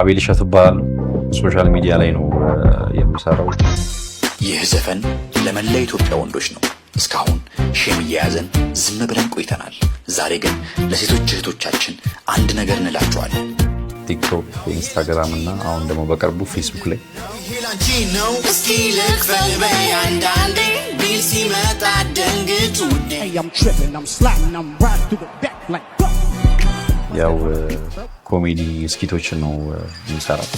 አቤል እሸት እባላለሁ። ሶሻል ሚዲያ ላይ ነው የምሰራው። ይህ ዘፈን ለመላ ኢትዮጵያ ወንዶች ነው። እስካሁን ሼም እየያዘን ዝም ብለን ቆይተናል። ዛሬ ግን ለሴቶች እህቶቻችን አንድ ነገር እንላቸዋለን። ቲክቶክ፣ ኢንስታግራም እና አሁን ደግሞ በቅርቡ ፌስቡክ ላይ ሲመጣ ደንግጡ ያው ኮሜዲ እስኪቶችን ነው የሚሰራው።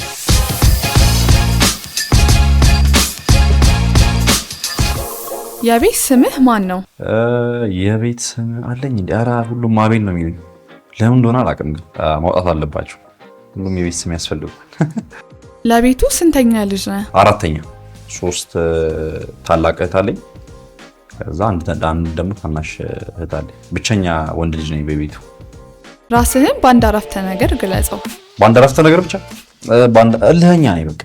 የቤት ስምህ ማን ነው? የቤት ስም አለኝ? ኧረ ሁሉም አቤል ነው የሚሉኝ። ለምን እንደሆነ አላውቅም፣ ግን ማውጣት አለባቸው። ሁሉም የቤት ስም ያስፈልጋል። ለቤቱ ስንተኛ ልጅ ነህ? አራተኛ። ሶስት ታላቅ እህት አለኝ፣ ከዛ አንድ ደግሞ ታናሽ እህት አለኝ። ብቸኛ ወንድ ልጅ ነኝ በቤቱ ራስህን በአንድ አረፍተ ነገር ግለጸው። በአንድ አረፍተ ነገር ብቻ? እልህኛ ነኝ በቃ።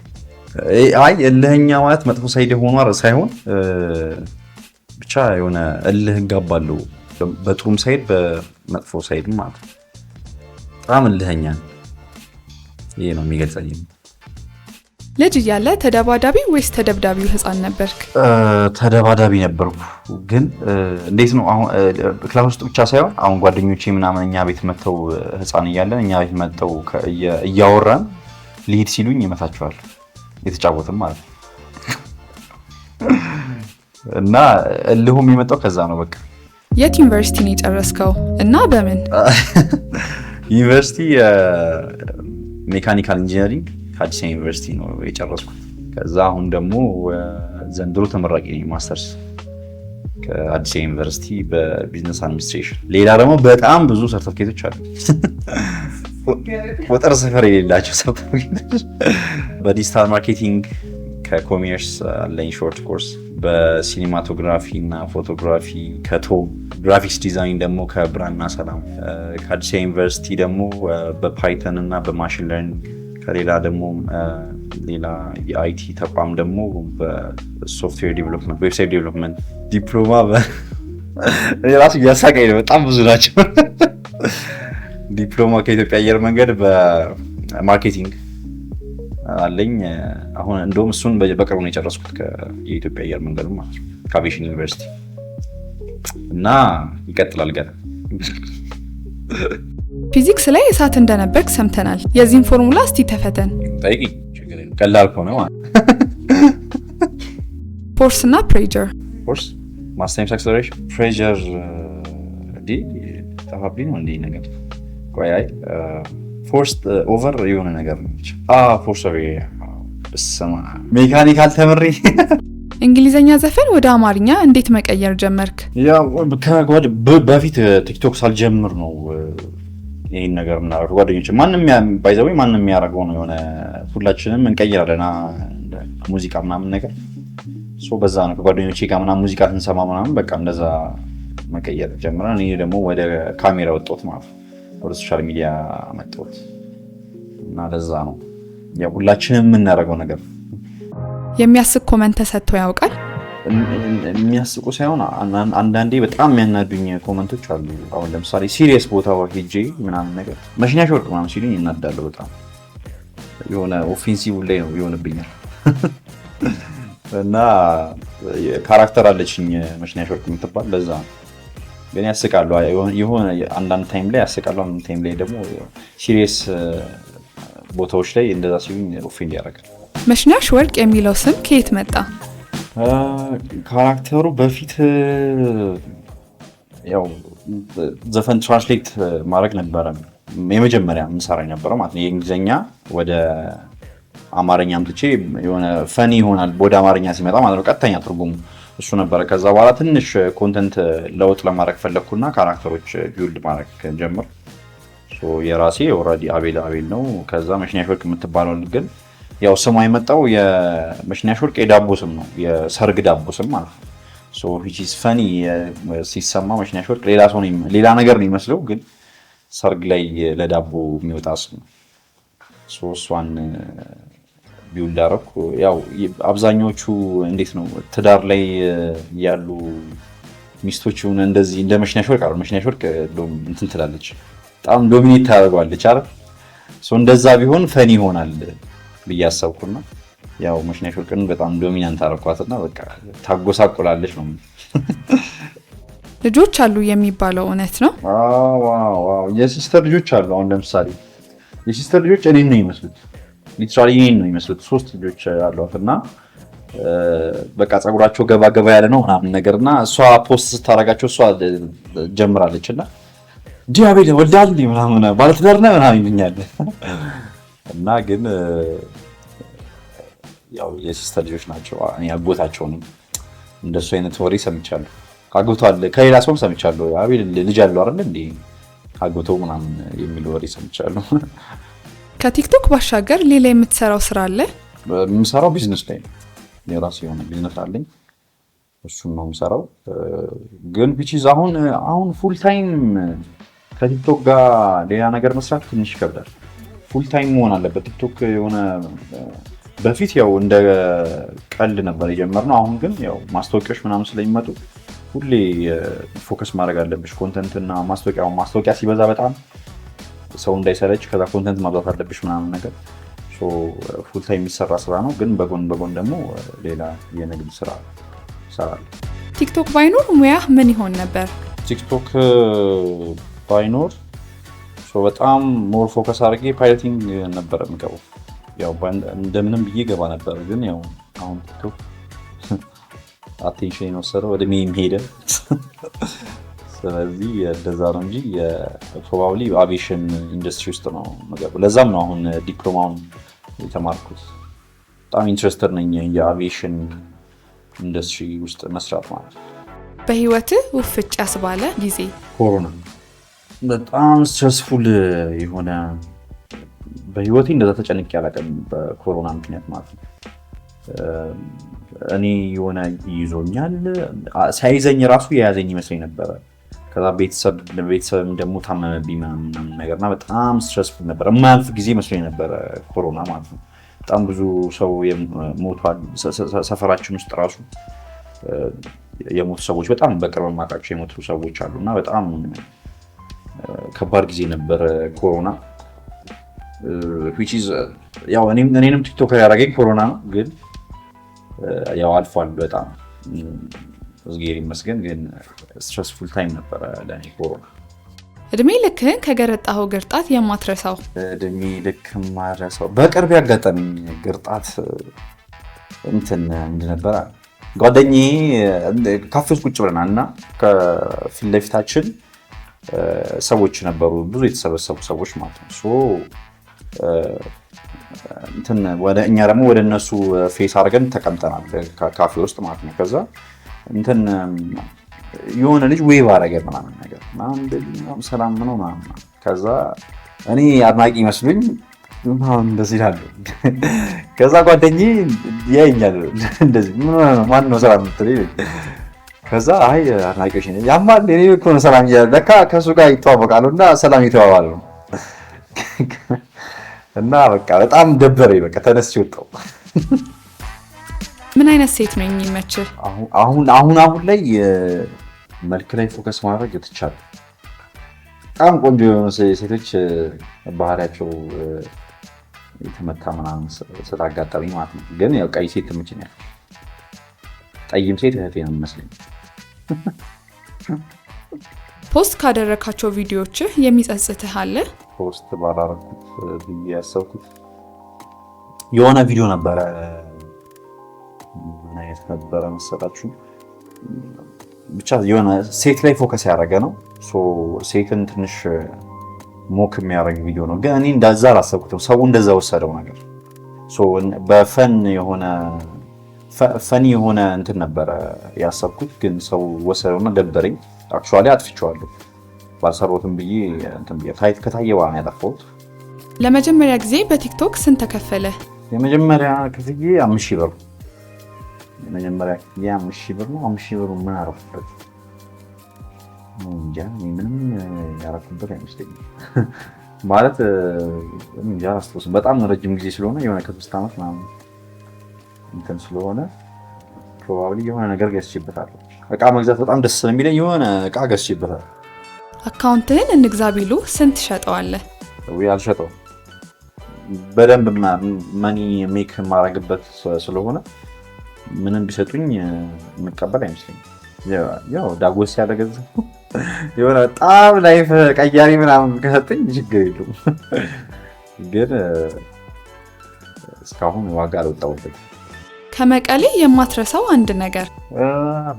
አይ እልህኛ ማለት መጥፎ ሳይድ ሆኖ ሳይሆን ብቻ የሆነ እልህ እጋባለሁ፣ በጥሩም ሳይድ በመጥፎ ሳይድ ማለት በጣም እልህኛ ይሄ ነው የሚገልጸኝ። ልጅ እያለ ተደባዳቢ ወይስ ተደብዳቢው ህፃን ነበርክ? ተደባዳቢ ነበርኩ። ግን እንዴት ነው አሁን ክላስ ውስጥ ብቻ ሳይሆን አሁን ጓደኞቼ ምናምን እኛ ቤት መጥተው ህፃን እያለን እኛ ቤት መጥተው እያወራን ሊሄድ ሲሉኝ ይመታቸዋል። የተጫወትም ማለት ነው። እና እልሁም የመጣው ከዛ ነው። በቃ የት ዩኒቨርሲቲ ነው የጨረስከው? እና በምን ዩኒቨርሲቲ? ሜካኒካል ኢንጂነሪንግ ከአዲስ ዩኒቨርሲቲ ነው የጨረስኩት። ከዛ አሁን ደግሞ ዘንድሮ ተመራቂ ነኝ ማስተርስ ከአዲስ ዩኒቨርሲቲ በቢዝነስ አድሚኒስትሬሽን። ሌላ ደግሞ በጣም ብዙ ሰርተፍኬቶች አሉ፣ ቁጥር ስፍር የሌላቸው ሰርተፍኬቶች። በዲጂታል ማርኬቲንግ ከኮሜርስ አለኝ ሾርት ኮርስ፣ በሲኒማቶግራፊ እና ፎቶግራፊ ከቶ ግራፊክስ ዲዛይን ደግሞ ከብራና ሰላም፣ ከአዲስ ዩኒቨርሲቲ ደግሞ በፓይተን እና በማሽን ለርኒንግ ከሌላ ደግሞ ሌላ የአይቲ ተቋም ደግሞ በሶፍትዌር ዴቨሎፕመንት ዌብሳይት ዴቨሎፕመንት ዲፕሎማ ራሱ እያሳቀኝ ነው። በጣም ብዙ ናቸው። ዲፕሎማ ከኢትዮጵያ አየር መንገድ በማርኬቲንግ አለኝ። አሁን እንደውም እሱን በቅርቡ ነው የጨረስኩት የኢትዮጵያ አየር መንገዱ ማለት ነው ከአቪዬሽን ዩኒቨርሲቲ እና ይቀጥላል ገና ፊዚክስ ላይ እሳት እንደነበርክ ሰምተናል። የዚህን ፎርሙላ እስቲ ተፈተን። ቀላል ከሆነ ፎርስ እና ፕሬር ፎርስ ማስ ታይምስ አክሰለሬሽን ፕሬር ጠፋብኝ ነው እንዲህ ነገር ቆያይ ፎርስ ኦቨር የሆነ ነገር ነች። ፎርስ ሜካኒካል ተምሪ እንግሊዘኛ ዘፈን ወደ አማርኛ እንዴት መቀየር ጀመርክ? በፊት ቲክቶክ ሳልጀምር ነው ይህን ነገር የምናደርገው ጓደኞች ማንም ማንም የሚያደርገው ነው። የሆነ ሁላችንም እንቀይራለና ሙዚቃ ምናምን ነገር በዛ ነው። ከጓደኞቼ ጋር ምናምን ሙዚቃ ስንሰማ ምናምን በቃ እንደዛ መቀየር ጀምረን እኔ ደግሞ ወደ ካሜራ ወጣሁት ማለት ወደ ሶሻል ሚዲያ መጣሁት እና ለዛ ነው ሁላችንም የምናደርገው ነገር። የሚያስብ ኮመንት ተሰጥቶ ያውቃል? የሚያስቁ ሳይሆን አንዳንዴ በጣም የሚያናዱኝ ኮመንቶች አሉ። አሁን ለምሳሌ ሲሪየስ ቦታ ሄጄ ምናምን ነገር መሽኛ ወርቅ ምናምን ሲሉኝ እናዳለሁ። በጣም የሆነ ኦፌንሲቭ ላይ ነው ይሆንብኛል። እና ካራክተር አለችኝ መሽኛ ወርቅ የምትባል ለዛ ነው ግን ያስቃሉ። የሆነ አንዳንድ ታይም ላይ ያስቃሉ፣ አንዳንድ ታይም ላይ ደግሞ ሲሪየስ ቦታዎች ላይ እንደዛ ሲሉኝ ኦፌንድ ያደርጋል። መሽናሽ ወርቅ የሚለው ስም ከየት መጣ? ካራክተሩ በፊት ያው ዘፈን ትራንስሌት ማድረግ ነበረ የመጀመሪያ የምሰራ ነበረ ማለት ነው። የእንግሊዝኛ ወደ አማርኛ አምጥቼ የሆነ ፈኒ ይሆናል ወደ አማርኛ ሲመጣ ማለት ነው ቀጥተኛ ትርጉሙ እሱ ነበረ። ከዛ በኋላ ትንሽ ኮንተንት ለውጥ ለማድረግ ፈለግኩና ካራክተሮች ቢውልድ ማድረግ ጀምር የራሴ ኦልሬዲ አቤል አቤል ነው። ከዛ መሽኛሾልክ የምትባለውን ግን ያው ስሟ የመጣው የመሽናሽ ወርቅ የዳቦ ስም ነው፣ የሰርግ ዳቦ ስም ማለት ነው። ሶ ኢዝ ፈኒ ሲሰማ መሽናሽ ወርቅ ሌላ ሰው ነው፣ ሌላ ነገር ነው ይመስለው፣ ግን ሰርግ ላይ ለዳቦ የሚወጣ ስም ነው። ሶ እሷን ቢውልድ አደረኩ። ያው አብዛኞቹ እንዴት ነው ትዳር ላይ ያሉ ሚስቶች ሆነ እንደዚህ እንደ መሽናሽ ወርቅ አሉ። መሽናሽ ወርቅ እንትን ትላለች፣ በጣም ዶሚኔት ታደርገዋለች አይደል? እንደዛ ቢሆን ፈኒ ይሆናል። ብዬ አሰብኩና ያው መሽናሽ ወርቅን በጣም ዶሚናንት አረኳትና በቃ ታጎሳቁላለች ነው። ልጆች አሉ የሚባለው እውነት ነው? የሲስተር ልጆች አሉ። አሁን ለምሳሌ የሲስተር ልጆች እኔን ነው ይመስሉት፣ ሊትራሊ እኔን ነው ይመስሉት። ሶስት ልጆች አሏት እና በቃ ፀጉራቸው ገባ ገባ ያለ ነው ምናምን ነገር እና እሷ ፖስት ስታደርጋቸው እሷ ጀምራለች እና ዲያቤል ወልዳል ምናምን ባለትዳር ነህ ምናምን ይሉኛል እና ግን ያው የሲስተር ልጆች ናቸው። ያጎታቸውንም እንደሱ አይነት ወሬ ሰምቻለሁ። አግብቷል ከሌላ ሰውም ሰምቻለሁ። አቤል ልጅ አለው አይደል እንዴ አግብተው ምናምን የሚል ወሬ ሰምቻለሁ። ከቲክቶክ ባሻገር ሌላ የምትሰራው ስራ አለ? የምሰራው ቢዝነስ ላይ ነው። የራሴ የሆነ ቢዝነስ አለኝ። እሱም ነው የምሰራው። ግን ፒቺዝ አሁን አሁን ፉል ታይም ከቲክቶክ ጋር ሌላ ነገር መስራት ትንሽ ይከብዳል። ፉል ታይም መሆን አለበት። ቲክቶክ የሆነ በፊት ያው እንደ ቀልድ ነበር የጀመርነው። አሁን ግን ያው ማስታወቂያዎች ምናምን ስለሚመጡ ሁሌ ፎከስ ማድረግ አለብሽ ኮንተንት እና ማስታወቂያ። ማስታወቂያ ሲበዛ በጣም ሰው እንዳይሰለች ከዛ ኮንተንት ማብዛት አለብሽ ምናምን ነገር ፉል ታይም የሚሰራ ስራ ነው። ግን በጎን በጎን ደግሞ ሌላ የንግድ ስራ ይሰራል። ቲክቶክ ባይኖር ሙያ ምን ይሆን ነበር? ቲክቶክ ባይኖር በጣም ሞር ፎከስ አድርጌ ፓይለቲንግ uh, ነበረ የምገባው። እንደምንም ብዬ ገባ ነበር፣ ግን ያው አሁን ቲክቶክ አቴንሽን የወሰደው ሜም ሄደ። ስለዚህ እንደዛ ነው እንጂ ፕሮባብሊ አቪዬሽን ኢንዱስትሪ ውስጥ ነው የምገባው። ለዛም ነው አሁን ዲፕሎማውን የተማርኩት። በጣም ኢንትረስተድ ነኝ የአቪዬሽን ኢንዱስትሪ ውስጥ መስራት ማለት ነው። በህይወትህ ውፍጭ ያስባለ ጊዜ ኮሮና በጣም ስትረስፉል የሆነ በህይወቴ እንደዛ ተጨንቄ አላውቅም። በኮሮና ምክንያት ማለት ነው። እኔ የሆነ ይዞኛል ሳይዘኝ ራሱ የያዘኝ ይመስለኝ ነበረ። ከዛ ቤተሰብም ደግሞ ታመመብኝ ምናምን ነገርና በጣም ስትረስፉል ነበረ። የማያልፍ ጊዜ መስሎኝ ነበረ ኮሮና ማለት ነው። በጣም ብዙ ሰው ሞቷል። ሰፈራችን ውስጥ ራሱ የሞቱ ሰዎች በጣም በቅርብ ማውቃቸው የሞቱ ሰዎች አሉ እና በጣም ከባድ ጊዜ ነበረ ኮሮና። uh, uh, ያው እኔንም ቲክቶከር ያደረገኝ ኮሮና ነው፣ ግን uh, ያው አልፏል። በጣም mm, እግዜር ይመስገን። ግን ስትረስፉል ታይም ነበረ ለእኔ ኮሮና። እድሜ ልክህን ከገረጣኸው ግርጣት የማትረሳው? እድሜ ልክ ማረሳው በቅርብ ያጋጠመኝ ግርጣት እንትን እንድነበረ ጓደኛዬ ካፌ ውስጥ ቁጭ ብለናል እና ከፊት ለፊታችን ሰዎች ነበሩ፣ ብዙ የተሰበሰቡ ሰዎች ማለት ነው። እንትን እኛ ደግሞ ወደ እነሱ ፌስ አድርገን ተቀምጠናል ካፌ ውስጥ ማለት ነው። ከዛ እንትን የሆነ ልጅ ዌብ አደረገ ምናምን ነገር ሰላም ነው ምናምን። ከዛ እኔ አድናቂ ይመስሉኝ እንደዚህ ይላሉ። ከዛ ጓደኝ ያይኛል እንደዚህ ማን ነው ስራ ምትል ከዛ አይ አድናቂዎች ያማል እኔ እኮ ነው ሰላም እያለ ለካ ከእሱ ጋር ይተዋወቃሉ እና ሰላም ይተዋባሉ እና በቃ በጣም ደበረኝ። በቃ ተነስቼ ወጣሁ። ምን አይነት ሴት ነው የሚመችህ? አሁን አሁን አሁን ላይ መልክ ላይ ፎከስ ማድረግ ትቻለሁ። በጣም ቆንጆ የሆኑ ሴቶች ባህሪያቸው የተመታ ምናምን ስላጋጠመኝ ማለት ነው። ግን ያው ቀይ ሴት ትምችኛል። ጠይም ሴት እህቴ ነው የሚመስለኝ። ፖስት ካደረካቸው ቪዲዮዎች የሚጸጽትህ አለ? ፖስት ባላረኩት ብዬ ያሰብኩት የሆነ ቪዲዮ ነበረ። ምን አይነት ነበረ መሰላችሁ? ብቻ የሆነ ሴት ላይ ፎከስ ያደረገ ነው። ሴትን ትንሽ ሞክ የሚያደርግ ቪዲዮ ነው፣ ግን እኔ እንደዛ አላሰብኩትም። ሰው እንደዛ ወሰደው ነገር በፈን የሆነ ፈኒ የሆነ እንትን ነበረ ያሰብኩት፣ ግን ሰው ወሰደውና ደበረኝ። አክቹዋሊ አጥፍቼዋለሁ ባልሰራሁትም ብዬ ከታየ በኋላ ነው ያጠፋሁት። ለመጀመሪያ ጊዜ በቲክቶክ ስንት ተከፈለ? የመጀመሪያ ክፍዬ አምስት ሺህ ብር የመጀመሪያ ክፍዬ አምስት ሺህ ብር ነው። አምስት ሺህ ብሩ ምን አረፍኩበት? እንጃ ምንም ያረፍኩበት አይመስለኝም። ማለት እንጃ አላስታውስም። በጣም ረጅም ጊዜ ስለሆነ የሆነ ከሶስት ዓመት ምናምን እንትን ስለሆነ ፕሮባብሊ የሆነ ነገር ገዝቼበታለሁ። እቃ መግዛት በጣም ደስ ስለሚለኝ የሚለኝ። የሆነ እቃ ገዝቼበታለሁ። አካውንትህን እንግዛ ቢሉ ስንት ሸጠዋለህ? አልሸጠውም። በደንብ መኒ ሜክ የማረግበት ስለሆነ ምንም ቢሰጡኝ የምቀበል አይመስለኝም። ያው ዳጎስ ያደገዝ የሆነ በጣም ላይፍ ቀያሪ ምናምን ከሰጠኝ ችግር የለውም፣ ግን እስካሁን ዋጋ አልወጣሁበትም። ከመቀሌ የማትረሳው አንድ ነገር?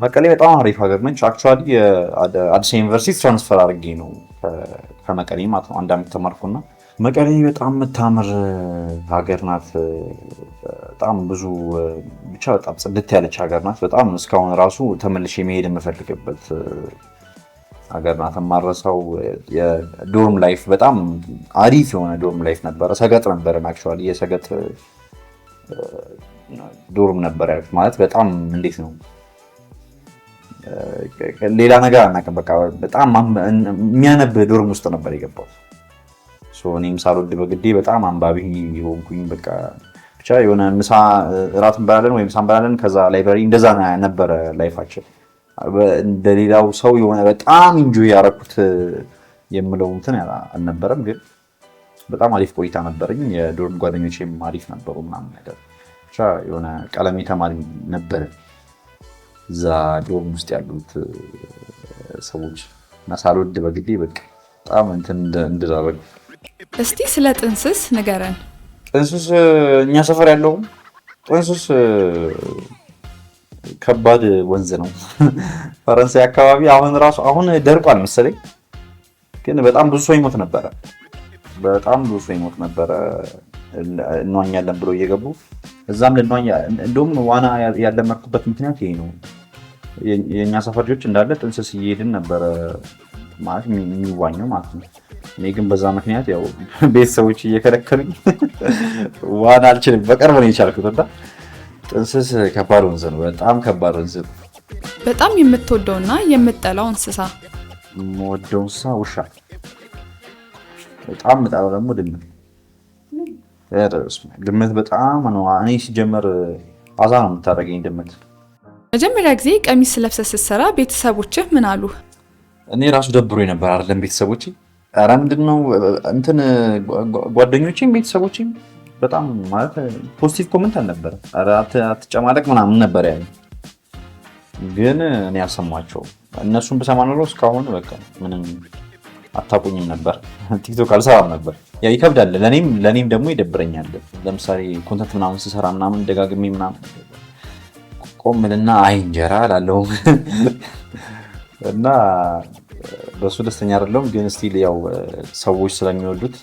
መቀሌ በጣም አሪፍ ሀገር ነች። አክቹዋሊ አዲስ ዩኒቨርሲቲ ትራንስፈር አድርጌ ነው ከመቀሌ ማለት ነው አንድ ዓመት ተማርኩና መቀሌ በጣም የምታምር ሀገር ናት። በጣም ብዙ ብቻ በጣም ጽድት ያለች ሀገር ናት። በጣም እስካሁን ራሱ ተመልሼ መሄድ የምፈልግበት ሀገር ናት። የማረሳው የዶርም ላይፍ በጣም አሪፍ የሆነ ዶርም ላይፍ ነበረ። ሰገጥ ነበረን አክቹዋሊ የሰገጥ ዶርም ነበር ያሉት። ማለት በጣም እንዴት ነው ሌላ ነገር አናውቅም። በቃ በጣም የሚያነብህ ዶርም ውስጥ ነበር የገባው። እኔም ሳልወድ በግዴ በጣም አንባቢ የሆንኩኝ በቃ ብቻ የሆነ ምሳ እራት እንበላለን ወይ ምሳ እንበላለን፣ ከዛ ላይብራሪ እንደዛ ነበረ ላይፋችን። እንደሌላው ሰው የሆነ በጣም እንጆ ያረኩት የምለው እንትን አልነበረም፣ ግን በጣም አሪፍ ቆይታ ነበረኝ። የዶርም ጓደኞቼም አሪፍ ነበሩ ምናምን ነገር ብቻ የሆነ ቀለም ተማሪ ነበር እዛ ዶርም ውስጥ ያሉት ሰዎች እና ሳልወድ በግሌ በቃ በጣም እንትን እንድዳረግ። እስቲ ስለ ጥንስስ ንገረን። ጥንስስ እኛ ሰፈር ያለውም ጥንስስ ከባድ ወንዝ ነው። ፈረንሳይ አካባቢ አሁን ራሱ አሁን ደርቋል መሰለኝ፣ ግን በጣም ብዙ ሰው ይሞት ነበረ። በጣም ብዙ ሰው ይሞት ነበረ። እንዋኛለን ብሎ እየገቡ እዛም ልንዋኛ እንደውም ዋና ያለመርኩበት ምክንያት ይሄ ነው። የእኛ ሰፈር ልጆች እንዳለ ጥንስስ እየሄድን ነበረ ማለት የሚዋኘው ማለት ነው። እኔ ግን በዛ ምክንያት ያው ቤተሰቦች እየከለከሉኝ ዋና አልችልም። በቅርብ ነው የቻልኩት እና ጥንስስ ከባድ ወንዝ ነው፣ በጣም ከባድ ወንዝ ነው። በጣም የምትወደውና የምጠላው እንስሳ? የምወደው እንስሳ ውሻ፣ በጣም የምጠላው ደግሞ ድመት ድመት በጣም ነው። እኔ ሲጀመር አዛ ነው የምታደርገኝ ድመት። መጀመሪያ ጊዜ ቀሚስ ለብሰ ስትሰራ ቤተሰቦችህ ምን አሉ? እኔ ራሱ ደብሮ ነበር አይደለም። ቤተሰቦች ኧረ ምንድን ነው እንትን ጓደኞቼም ቤተሰቦቼም በጣም ማለት ፖዚቲቭ ኮመንት አልነበረ። አትጨማለቅ ምናምን ነበር ያለ፣ ግን እኔ አልሰማቸውም። እነሱን ብሰማ ኖሮ እስካሁን በቃ ምንም አታቁኝም ነበር፣ ቲክቶክ አልሰራም ነበር። ያ ይከብዳል፣ ለእኔም ለእኔም ደግሞ ይደብረኛል። ለምሳሌ ኮንተንት ምናምን ስሰራ ምናምን ደጋግሜ ምናምን ቆምልና አይ እንጀራ እና በሱ ደስተኛ አይደለሁም። ግን ስቲል ያው ሰዎች ስለሚወዱት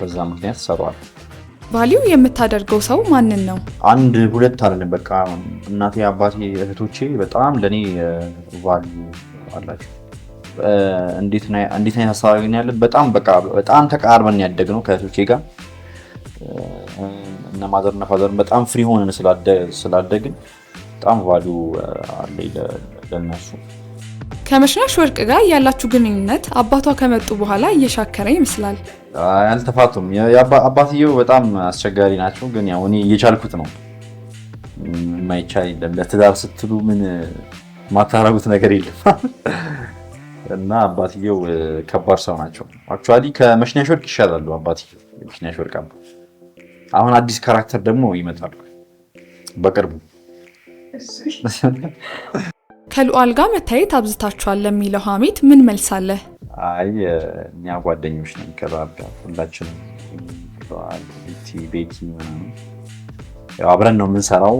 በዛ ምክንያት ሰሯል። ቫሊው የምታደርገው ሰው ማንን ነው? አንድ ሁለት አለን። በቃ እናቴ፣ አባቴ፣ እህቶቼ በጣም ለእኔ ቫሊዩ አላቸው። እንዴት ነው ሀሳብ ያለን? በጣም በቃ በጣም ተቃርበን ያደግ ነው ከእህቶቼ ጋር እነ ማዘር እና ፋዘርን በጣም ፍሪ ሆነን ስላደግን በጣም ቫሉ አለ ለነሱ። ከመሽናሽ ወርቅ ጋር ያላችሁ ግንኙነት አባቷ ከመጡ በኋላ እየሻከረ ይመስላል። አልተፋቱም። አባትየው በጣም አስቸጋሪ ናቸው፣ ግን ያው እኔ እየቻልኩት ነው። የማይቻል የለም። ለትዳር ስትሉ ምን ማታረጉት ነገር የለም። እና አባትየው ከባድ ሰው ናቸው። አክቹዋሊ ከመሽኛሽ ወርቅ ይሻላሉ አባትየው። መሽኛሽ ወርቅ አሁን አዲስ ካራክተር ደግሞ ይመጣሉ በቅርቡ። ከሉዓል ጋር መታየት አብዝታችኋል ለሚለው ሀሜት ምን መልሳለህ? አይ እኛ ጓደኞች ነን ከባብ ሁላችንም ቤቲ አብረን ነው የምንሰራው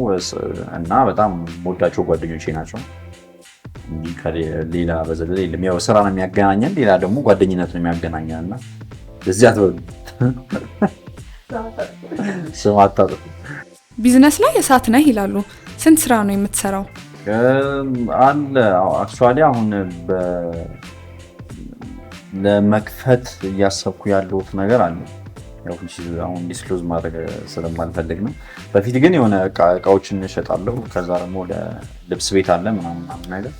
እና በጣም የምወዳቸው ጓደኞቼ ናቸው። እንጂ ሌላ በዘለለ የለም። ያው ስራ ነው የሚያገናኘን፣ ሌላ ደግሞ ጓደኝነት ነው የሚያገናኘን እና እዚያ ትበሉ ስም አታጥፉ። ቢዝነስ ላይ እሳት ነህ ይላሉ። ስንት ስራ ነው የምትሰራው? አለ አክቹዋሊ አሁን ለመክፈት እያሰብኩ ያለሁት ነገር አለ። አሁን ዲስክሎዝ ማድረግ ስለማልፈልግ ነው። በፊት ግን የሆነ እቃዎችን እሸጣለሁ። ከዛ ደግሞ ለልብስ ቤት አለ ምናምን ነገር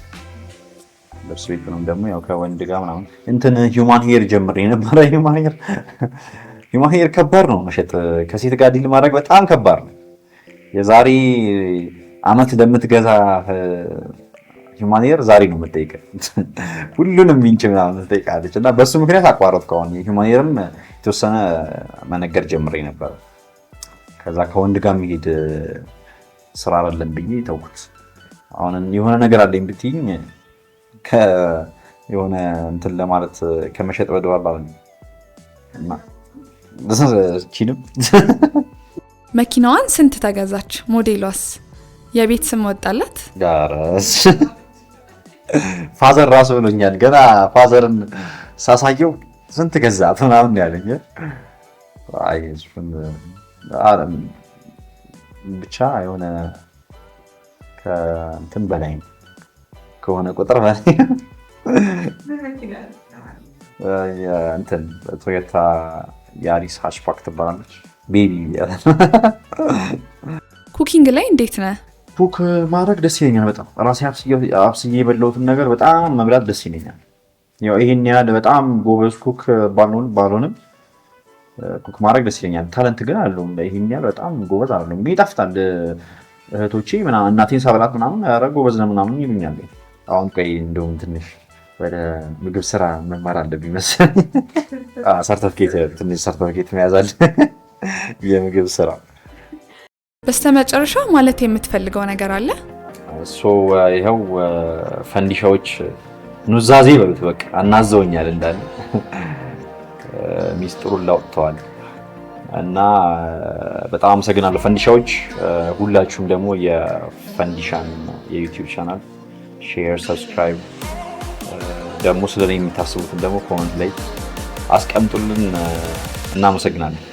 ልብስ ቤት ነው ደግሞ ያው ከወንድ ጋር ምናምን እንትን ሂውማን ሄር ጀምር የነበረ ሂውማን ሄር ሂውማን ሄር ከባድ ነው መሸጥ። ከሴት ጋር ዲል ማድረግ በጣም ከባድ ነው። የዛሬ አመት ለምትገዛ ሂውማን ሄር ዛሬ ነው የምጠይቀው። ሁሉንም ሚንጭ ምናምን ትጠይቃለች። እና በሱ ምክንያት አቋረጥኩ። አሁን ሂውማን ሄርም የተወሰነ መነገር ጀምሬ ነበረ። ከዛ ከወንድ ጋር የሚሄድ ስራ አይደለም ብዬ ተውኩት። አሁን የሆነ ነገር አለኝ ብትይኝ የሆነ እንትን ለማለት ከመሸጥ በደዋል ቺንም መኪናዋን ስንት ተገዛች? ሞዴሏስ? የቤት ስም ወጣላት? ፋዘር ራሱ ብሎኛል። ገና ፋዘርን ሳሳየው ስንት ገዛት ምናምን ያለኝ ብቻ የሆነ ከእንትን በላይ ነው ከሆነ ቁጥር እንትን ቶዮታ የአሪስ ሃሽፓክ ትባላለች። ቤቢ ኩኪንግ ላይ እንዴት ነ ኩክ ማድረግ ደስ ይለኛል በጣም ራሴ አብስዬ የበለውትን ነገር በጣም መብላት ደስ ይለኛል። ይህን ያህል በጣም ጎበዝ ኩክ ባልሆንም ኩክ ማድረግ ደስ ይለኛል። ታለንት ግን አለው ይህን ያህል በጣም ጎበዝ አለ፣ ግን ይጣፍጣል። እህቶቼ እናቴን ሳበላት ምናምን ኧረ ጎበዝ ነው ምናምን ይሉኛል። አሁን ቀይ እንደውም ትንሽ ወደ ምግብ ስራ መማር አለብኝ መሰለኝ። ሰርተፍኬት ትንሽ ሰርተፍኬት መያዝ የምግብ ስራ። በስተመጨረሻ ማለት የምትፈልገው ነገር አለ? ይኸው ፈንዲሻዎች ኑዛዜ በሉት በቃ አናዘውኛል እንዳለ ሚስጥሩን ላውጥተዋል እና በጣም አመሰግናለሁ ፈንዲሻዎች። ሁላችሁም ደግሞ የፈንዲሻን የዩቲዩብ ቻናል ሼር፣ ሰብስክራይብ uh, ደግሞ ስለኔ የምታስቡትን ደግሞ ኮመንት ላይ አስቀምጡልን። uh, እናመሰግናለን።